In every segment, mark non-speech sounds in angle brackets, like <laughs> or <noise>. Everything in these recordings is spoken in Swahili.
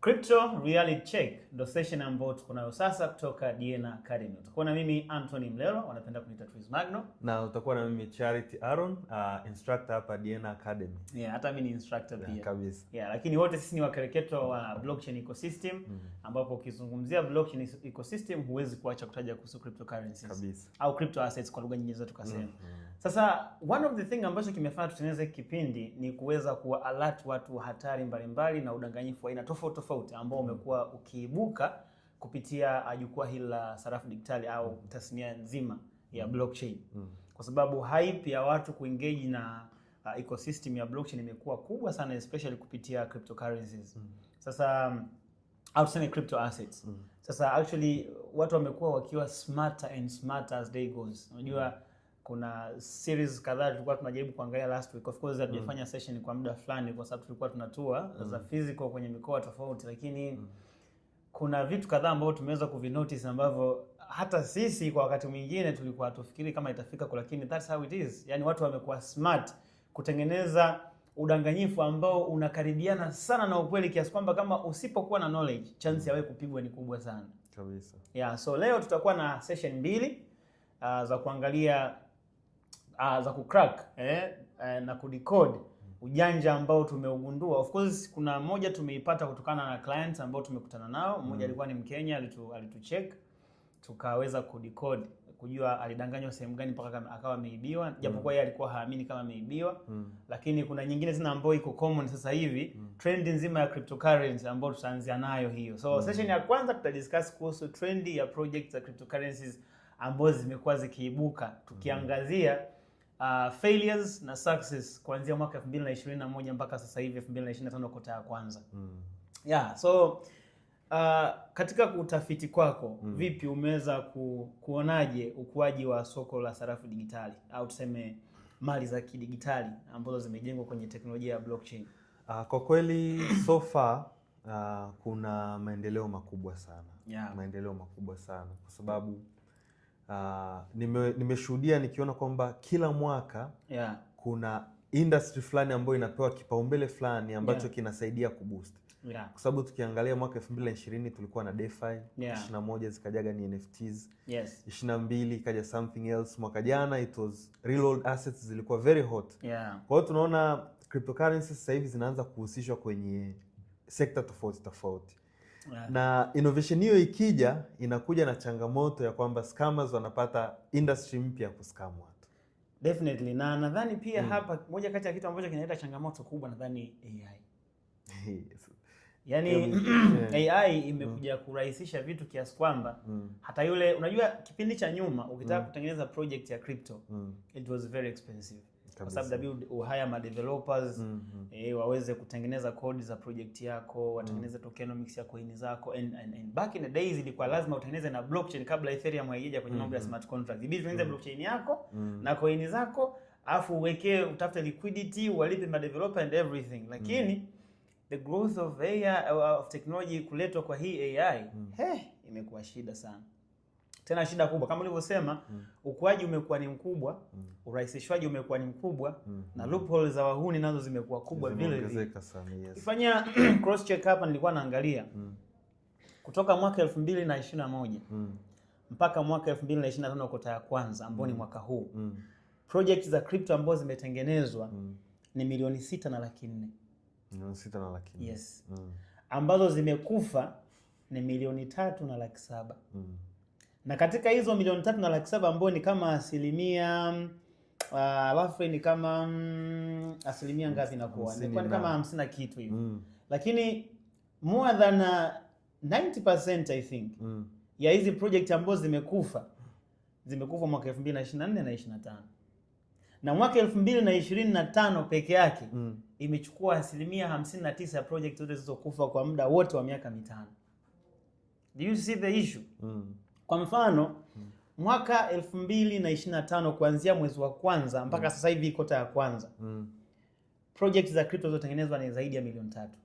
Crypto Reality Check ndo session ambayo tuko nayo sasa kutoka Diena Academy. Utakuwa na mimi Anthony Mlelo, wanapenda kuniita Twiz Magno. Na utakuwa na mimi Charity Aaron, uh, instructor hapa Diena Academy. Yeah, hata mimi ni instructor pia. Yeah, kabisa. Yeah, lakini wote sisi ni wakereketo wa blockchain ecosystem mm -hmm. ambapo ukizungumzia blockchain ecosystem huwezi kuacha kutaja kuhusu cryptocurrencies. Kabisa. Au crypto assets kwa lugha nyingine tukasema. Mm -hmm. Sasa one of the thing ambacho kimefanya tutengeneze kipindi ni kuweza kuwa alert watu hatari mbalimbali mbali na udanganyifu aina tofauti tofauti ambao umekuwa ukiibuka kupitia ah, jukwaa hili la sarafu digitali au tasnia nzima ya blockchain mm. Kwa sababu hype ya watu kuengage na uh, ecosystem ya blockchain imekuwa kubwa sana especially kupitia cryptocurrencies mm. Sasa au tuseme crypto assets mm. Sasa actually watu wamekuwa wakiwa smarter and smarter as day goes, unajua mm kuna series kadhaa tulikuwa tunajaribu kuangalia last week. Of course mm. hatujafanya mm. session kwa muda fulani, kwa sababu tulikuwa tunatua mm. za physical kwenye mikoa tofauti, lakini mm. kuna vitu kadhaa ambavyo tumeweza kuvinotice ambavyo hata sisi kwa wakati mwingine tulikuwa tufikiri kama itafika kwa, lakini that's how it is. Yani watu wamekuwa smart kutengeneza udanganyifu ambao unakaribiana sana na ukweli kiasi kwamba kama usipokuwa na knowledge chance mm. ya wewe kupigwa ni kubwa sana kabisa. Yeah, so leo tutakuwa na session mbili uh, za kuangalia uh, za kucrack eh, eh, na kudecode hmm. ujanja ambao tumeugundua. Of course kuna moja tumeipata kutokana na clients ambao tumekutana nao. Mmoja hmm. alikuwa ni Mkenya, alitu alitucheck tukaweza kudecode kujua alidanganywa sehemu gani mpaka akawa ameibiwa, hmm. japokuwa yeye alikuwa haamini kama ameibiwa mm. Lakini kuna nyingine zina ambayo iko common sasa hivi mm. trend nzima ya cryptocurrency ambayo tutaanzia nayo hiyo, so mm. session ya kwanza tuta discuss kuhusu trend ya project za cryptocurrencies ambazo zimekuwa zikiibuka tukiangazia mm uh, failures na success kuanzia mwaka 2021 mpaka sasa hivi 2025 kota ya kwanza. Mm. Yeah, so Uh, katika utafiti kwako mm. Vipi umeweza ku, kuonaje ukuaji wa soko la sarafu digitali au tuseme mali za kidigitali ambazo zimejengwa kwenye teknolojia ya blockchain? Uh, kwa kweli so far uh, kuna maendeleo makubwa sana yeah. Maendeleo makubwa sana kwa sababu uh, nime, nimeshuhudia nikiona kwamba kila mwaka yeah. kuna industry fulani ambayo inapewa kipaumbele fulani ambacho yeah. kinasaidia kuboost yeah. kwa sababu tukiangalia mwaka 2020 tulikuwa na DeFi yeah. 21 zikajaga ni NFTs yes. 22 ikaja something else. Mwaka jana it was real world assets zilikuwa very hot yeah. kwa hiyo tunaona cryptocurrencies sasa hivi zinaanza kuhusishwa kwenye sekta tofauti tofauti na innovation hiyo ikija inakuja na changamoto ya kwamba scammers wanapata industry mpya ya kuscam watu. Definitely. Na nadhani pia mm. hapa moja kati ya kitu ambacho kinaleta changamoto kubwa nadhani AI. yes. Yaani AI <clears throat> imekuja mm. kurahisisha vitu kiasi kwamba mm. hata yule unajua kipindi cha nyuma ukitaka mm. kutengeneza project ya crypto mm. it was very expensive kwa sababu inabidi uhaya ma developers mm -hmm. eh, waweze kutengeneza kodi za project yako watengeneze mm -hmm. tokenomics ya coin zako and, and, and back in the days ilikuwa lazima utengeneze na blockchain kabla Ethereum haijaja kwenye mambo ya mm-hmm. smart contract ibidi utengeneze mm. blockchain yako mm -hmm. na coin zako afu uwekee utafute liquidity walipe ma developer and everything lakini mm -hmm. the growth of AI, uh, of technology kuletwa kwa hii AI mm -hmm. imekuwa shida sana tena shida kubwa kama ulivyosema mm. Ukuaji umekuwa ni mkubwa mm. Urahisishwaji umekuwa ni mkubwa mm. Na loophole za wahuni nazo zimekuwa kubwa vile vile. Kifanya <clears throat> cross check hapa nilikuwa naangalia mm. kutoka mwaka 2021 mm. mpaka mwaka 2025 kota ya kwanza ambao ni mm. mwaka huu mm. project za crypto ambazo zimetengenezwa mm. ni milioni sita na laki nne milioni sita na laki nne yes mm. ambazo zimekufa ni milioni tatu na laki saba mm na katika hizo milioni tatu na laki saba ambayo ni kama asilimia alafu uh, ni kama mm, asilimia ngapi inakuwa ni kama hamsini na kitu hivi mm. Lakini more than 90% ah, I think mm. ya hizi project ambazo zimekufa zimekufa mwaka 2024 na 25 na mwaka 2025 peke yake mm. imechukua asilimia 59 ya project zote zilizokufa kwa muda wote wa miaka mitano. Do you see the issue? mm. Kwa mfano mwaka elfu mbili na tano kuanzia mwezi wa kwanza mpaka mm. sasa hivi kota ya kwanza mm. project za crypto zilizotengenezwa ni zaidi ya milioni tatu,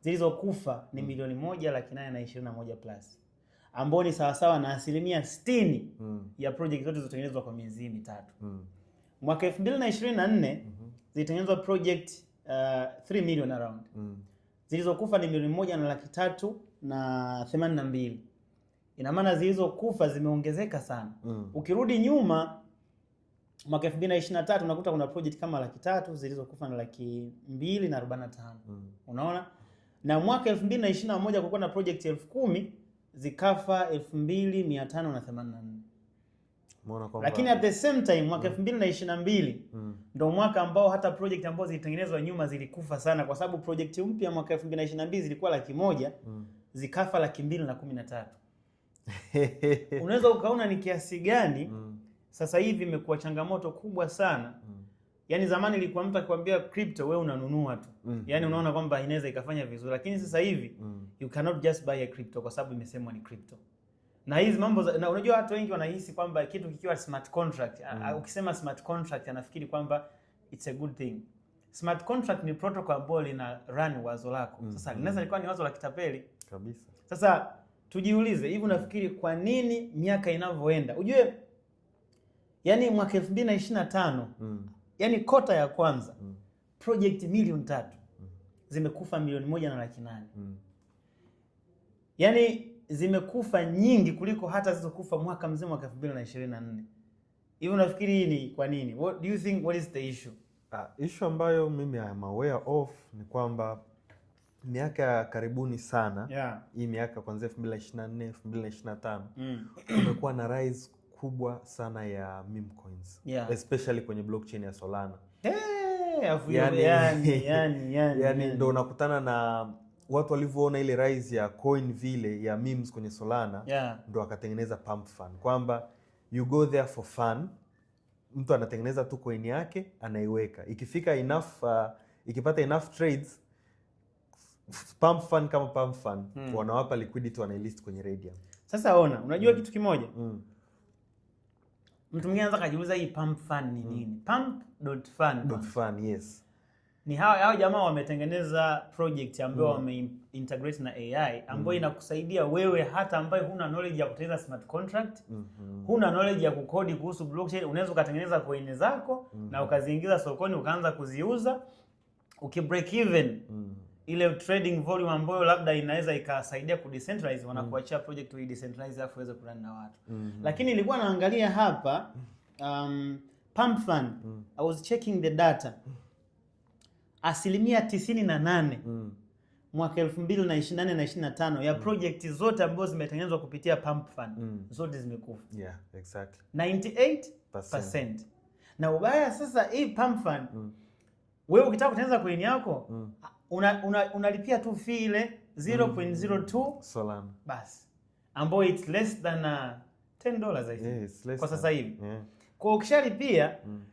zilizokufa ni mm. milioni moja laki nane na ishirini na moja plus, ambao ni sawasawa na asilimia sitini mm. ya project zote zilizotengenezwa kwa miezi mitatu mm. mwaka elfu mbili na 2024 mm -hmm. zilitengenezwa project uh, 3 million around mm. zilizokufa ni milioni moja na laki tatu na themanini na mbili ina maana zilizokufa zimeongezeka sana mm. Ukirudi nyuma mwaka 2023 unakuta kuna project kama laki tatu zilizokufa na laki mbili na arobaini na tano mm. Unaona, na mwaka 2021 kulikuwa na project elfu kumi zikafa 2584 lakini at the same time mwaka 2022 mm. mm. ndo mwaka ambao hata project ambazo zilitengenezwa nyuma zilikufa sana, kwa sababu project mpya mwaka 2022 zilikuwa laki moja mm. zikafa laki mbili na kumi na tatu unaweza <laughs> ukaona ni kiasi gani mm. Sasa hivi imekuwa changamoto kubwa sana mm. Yaani zamani ilikuwa mtu akikwambia crypto wewe unanunua tu mm, mm. Yaani unaona kwamba inaweza ikafanya vizuri, lakini sasa hivi mm. you cannot just buy a crypto kwa sababu imesemwa ni crypto na hizi mambo na unajua, watu wengi wanahisi kwamba kitu kikiwa smart contract mm. a, ukisema smart contract anafikiri kwamba it's a good thing. Smart contract ni protocol ambayo lina run wazo lako mm. Sasa mm. linaweza mm. likawa ni wazo la kitapeli kabisa. Sasa tujiulize hivi, unafikiri kwa nini miaka inavyoenda, ujue yani mwaka 2025 mm. yani kota ya kwanza mm. project milioni tatu mm. zimekufa milioni moja na laki nane mm. yani zimekufa nyingi kuliko hata zilizokufa mwaka mzima mwaka 2024. Hivi unafikiri hii ni kwa nini? What do you think, what is the issue? Uh, issue ambayo mimi am aware of ni kwamba miaka ya karibuni sana yeah. Hii miaka kuanzia elfu mbili na ishirini na nne elfu mbili na ishirini na tano mm. kumekuwa na rise kubwa sana ya meme coins yeah. Especially kwenye blockchain ya Solana hey, yani, yani, <laughs> yani, yani, yani, yaani. ndo unakutana na watu walivyoona ile rise ya coin vile ya memes kwenye Solana yeah. Ndo akatengeneza pump fun kwamba you go there for fun. Mtu anatengeneza tu coin yake anaiweka, ikifika enough uh, ikipata enough trades Pump Fund kama Pump Fund mm. wanawapa liquidity wanailist kwenye Radium. Sasa ona, unajua mm. kitu kimoja mm. mtu mwingine anaweza kajiuliza hii Pump Fund ni hmm. nini? mm. Pump dot fund dot fund, yes, ni hao hao jamaa wametengeneza project ambayo mm. wameintegrate na AI ambayo mm. inakusaidia wewe hata ambaye huna knowledge ya kutengeneza smart contract mm -hmm. huna knowledge ya kukodi kuhusu blockchain, unaweza ukatengeneza coin zako mm -hmm. na ukaziingiza sokoni ukaanza kuziuza ukibreak even mm -hmm ile trading volume ambayo labda inaweza ikasaidia ku decentralize mm. wanakuachia project we decentralize afu iweze kurani na watu mm -hmm. Lakini nilikuwa naangalia hapa um, pump fund mm I was checking the data asilimia tisini na nane mm Mwaka 2024 na 25 ya mm. project zote ambazo zimetengenezwa kupitia pump fund mm. zote zimekufa. Yeah, exactly. 98%. Na ubaya sasa hii pump fund mm. wewe ukitaka kutengeneza coin yako mm unalipia una, una tu fee ile 0.02 mm. salama basi, ambayo it's less than uh, 10 dollars I think yeah, kwa sasa hivi yeah. Kwa ukishalipia mm.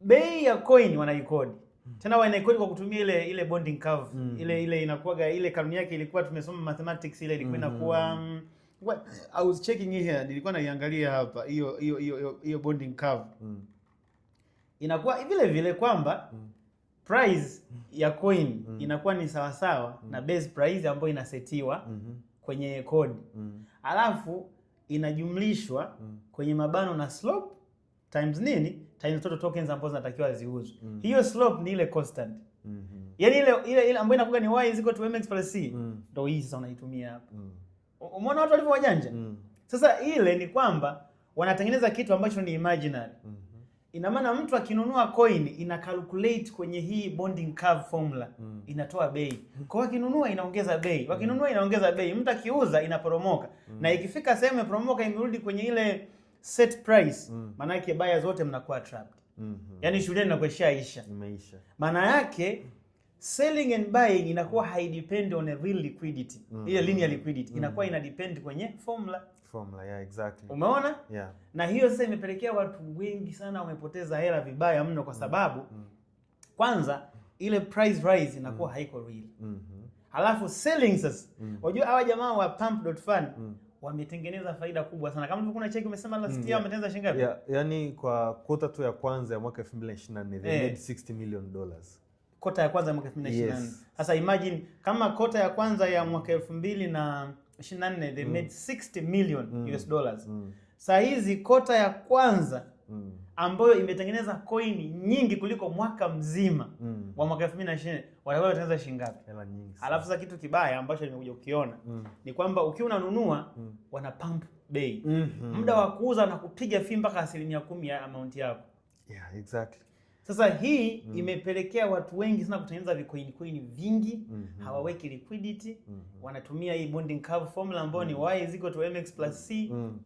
bei ya coin wanaikodi mm. tena wanaikodi kwa kutumia ile ile bonding curve mm. ile ile inakuwa ile kanuni yake ilikuwa tumesoma mathematics ile ilikuwa mm-hmm. inakuwa mm. Well, I was checking here, nilikuwa naiangalia hapa hiyo hiyo hiyo bonding curve mm. inakuwa vile vile kwamba mm price ya coin mm. inakuwa ni sawasawa mm. na base price ambayo inasetiwa mm -hmm. kwenye kodi mm. alafu inajumlishwa mm. kwenye mabano na slope times nini times total tokens ambazo zinatakiwa ziuzwe. mm. hiyo slope ni ile constant mm -hmm. yaani ile ile, ile ambayo inakuwa ni y is equal to mx plus c mm. ndio mm. hii sasa unaitumia hapa mm. umeona watu walivyo wajanja mm. Sasa ile ni kwamba wanatengeneza kitu ambacho ni imaginary mm. Ina maana mtu akinunua coin ina calculate kwenye hii bonding curve formula mm. inatoa bei. Mm. Kwa hiyo akinunua inaongeza bei, mm. wakinunua inaongeza bei, mtu akiuza inaporomoka mm. na ikifika sehemu ya promoka imerudi kwenye ile set price mm. maana yake buyers wote mnakuwa trapped mm -hmm. yaani shuleni inakuwa isha imeisha. Maana yake selling and buying inakuwa haidepend on a real liquidity mm -hmm. ile linear liquidity mm -hmm. inakuwa inadepend kwenye formula formula, yeah, exactly. Umeona? Yeah. Na hiyo sasa imepelekea watu wengi sana wamepoteza hela vibaya mno kwa mm, sababu mm -hmm. kwanza ile price rise inakuwa mm -hmm. haiko real. Mm -hmm. Halafu selling sasa. Mm -hmm. hawa jamaa wa pump.fan mm -hmm. wametengeneza faida kubwa sana. Kama ulikuwa cheki umesema last mm, year mm -hmm. wametengeneza shilingi ngapi? Yeah. yani kwa kota tu ya kwanza ya mwaka 2024 they eh. made 60 million dollars. Kota ya kwanza ya mwaka 2024. Sasa yes. Imagine kama kota ya kwanza ya mwaka 2000 na 24 they mm. made 60 million mm. US dollars mm. hizi kota ya kwanza mm. ambayo imetengeneza koini nyingi kuliko mwaka mzima mm. wa mwaka 2020 watakuwa watengeneza shilingi ngapi? Alafu sasa kitu kibaya ambacho nimekuja kukiona mm. ni kwamba ukiwa unanunua mm. wana pump bei mm -hmm. muda wa kuuza na kupiga fi mpaka asilimia kumi ya amaunti yako. Yeah, exactly. Sasa hii mm. imepelekea watu wengi sana kutengeneza vikoini coin vingi mm -hmm. hawaweki liquidity mm -hmm. wanatumia hii bonding curve formula ambayo ni mm. y is equal to mx plus c mm. mm.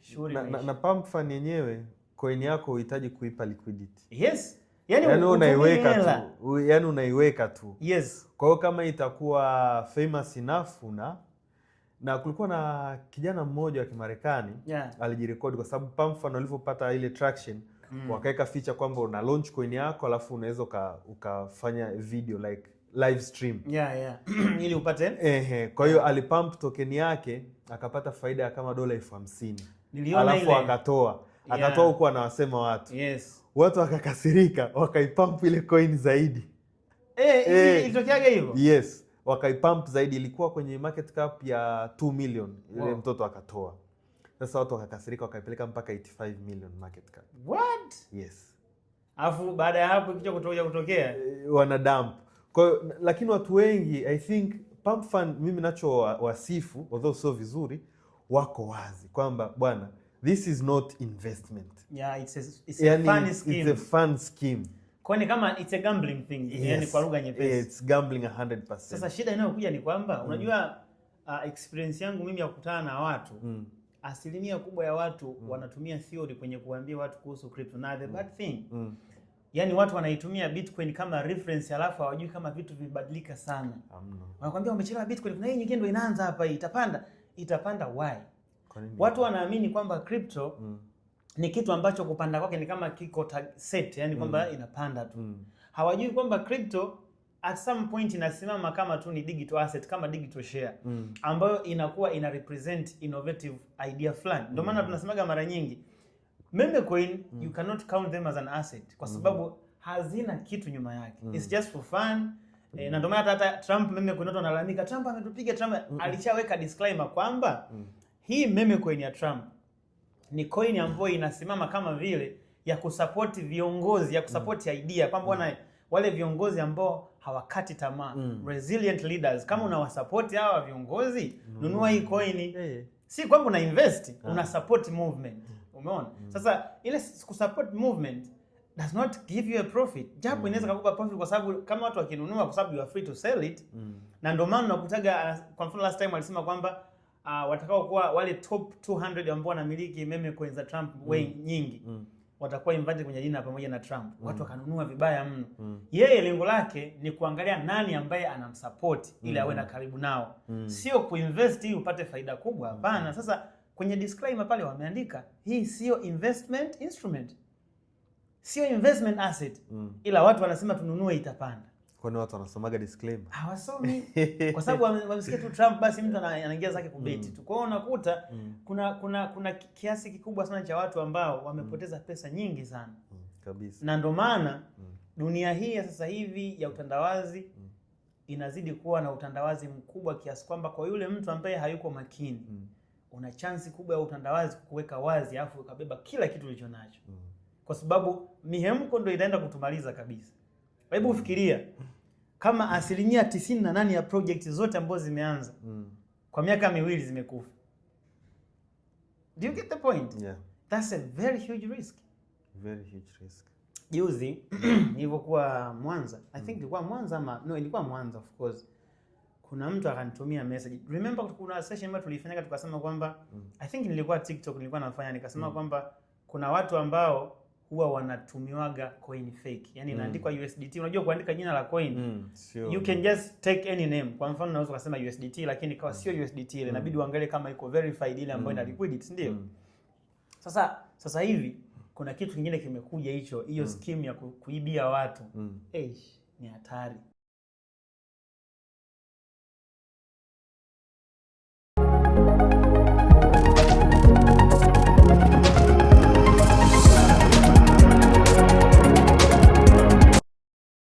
sure na, na, na pump fund yenyewe coin yako uhitaji kuipa liquidity yes yani, yani unaiweka tu yani unaiweka tu yes. Kwa hiyo kama itakuwa famous enough na na kulikuwa na kijana mmoja wa Kimarekani yeah. alijirekodi kwa sababu pump fund walivyopata ile traction mm. wakaweka feature kwamba una launch coin yako alafu unaweza ukafanya video like live stream yeah, yeah. <clears throat> ili upate ehe. Kwa hiyo alipump token yake akapata faida ya kama dola elfu hamsini alafu akatoa akatoa huku yeah. anawasema watu yes. watu wakakasirika wakaipump ile coin zaidi eh, eh. hivyo? Yes, wakaipump zaidi, ilikuwa kwenye market cap ya 2 million ile wow. mtoto akatoa sasa watu wakakasirika wakaipeleka mpaka 85 million market cap. What? Yes. Alafu baada ya hapo kitu kutoka kutokea eh, wanadump. Kwa hiyo lakini watu wengi I think pump fund mimi nacho wasifu although sio vizuri wako wazi kwamba bwana this is not investment. Yeah, it's a, it's yani, a fun scheme. It's a fun scheme. Kwa ni kama it's a gambling thing. Yes. Yani kwa lugha nyepesi. It's gambling 100%. Sasa shida inayokuja ni kwamba mm. unajua uh, experience yangu mimi ya kukutana na watu mm asilimia kubwa ya watu mm. wanatumia theory kwenye kuambia watu kuhusu crypto na the mm. bad thing mm. yani watu wanaitumia Bitcoin kama reference alafu hawajui kama vitu vibadilika sana. Wanakuambia umechelewa Bitcoin, kuna hii nyingine ndio inaanza hapa hii itapanda, itapanda why? Watu wanaamini kwamba crypto mm. ni kitu ambacho kupanda kwake ni kama kiko set, yani kwamba mm. inapanda tu. Mm. Hawajui kwamba crypto at some point inasimama kama tu ni digital asset kama digital share mm. ambayo inakuwa ina represent innovative idea fulani. Ndio maana mm. tunasemaga mara nyingi meme coin mm. you cannot count them as an asset kwa mm. sababu mm. hazina kitu nyuma yake mm. it's just for fun E, na ndio maana hata Trump meme coin watu wanalalamika Trump ametupiga. Trump mm alishaweka disclaimer kwamba mm. hii meme coin ya Trump ni coin ambayo inasimama kama vile ya kusupport viongozi, ya kusupport mm. idea kwamba mm. wale viongozi ambao hawakati tamaa mm. resilient leaders kama mm. unawasapoti hawa viongozi mm. nunua hii coin hey. si kwamba una invest ah. una support movement mm. umeona mm. sasa ile kusupport movement does not give you a profit japo mm. inaweza kukupa profit kwa sababu kama watu wakinunua kwa sababu you are free to sell it mm. na ndio maana nakutaga ah, kwa mfano last time alisema kwamba uh, watakao kuwa wale top 200 ambao wanamiliki meme coins za Trump mm. wengi nyingi mm watakuwa invited kwenye jina pamoja na Trump mm. Watu wakanunua vibaya mno mm. Yeye lengo lake ni kuangalia nani ambaye anamsupport ili mm. awe na karibu nao mm. Sio kuinvest ili upate faida kubwa, mm. hapana mm. Sasa kwenye disclaimer pale wameandika hii sio investment instrument, sio investment asset mm. Ila watu wanasema tununue itapanda Kwani watu wanasomaga disclaimer? Hawasomi <laughs> kwa sababu wamesikia tu Trump, basi mtu anaingia zake kubeti mm. tu. Kwa hiyo unakuta mm. kuna kuna kuna kiasi kikubwa sana cha watu ambao wamepoteza mm. pesa nyingi sana mm. kabisa, na ndio maana mm. dunia hii ya sasa hivi ya utandawazi mm. inazidi kuwa na utandawazi mkubwa kiasi kwamba kwa yule mtu ambaye hayuko makini mm. una chansi kubwa ya utandawazi kuweka wazi, alafu ukabeba kila kitu ulichonacho mm. kwa sababu mihemko ndio inaenda kutumaliza kabisa. Kwa Hebu ufikiria kama asilimia tisini na nane ya project zote ambazo zimeanza mm. kwa miaka miwili zimekufa. Do you get the point? Yeah. That's a very huge risk. Very huge risk. Juzi mm. <clears throat> nilipokuwa Mwanza, I think mm. ilikuwa Mwanza ama no, ilikuwa Mwanza of course. Kuna mtu akanitumia message. Remember kuna session ambayo tulifanyaka tukasema kwamba mm. I think nilikuwa TikTok nilikuwa nafanya nikasema mm. kwamba kuna watu ambao huwa wanatumiwaga coin fake, yani inaandikwa mm. USDT. Unajua kuandika jina la coin mm, you can just take any name. Kwa mfano unaweza kusema USDT, lakini ikawa sio mm. USDT ile, mm. inabidi uangalie kama iko verified ile ambayo mm. ina liquidity, ndio mm. Sasa sasa hivi kuna kitu kingine kimekuja hicho, hiyo mm. scheme ya kuibia watu mm. Eish, ni hatari.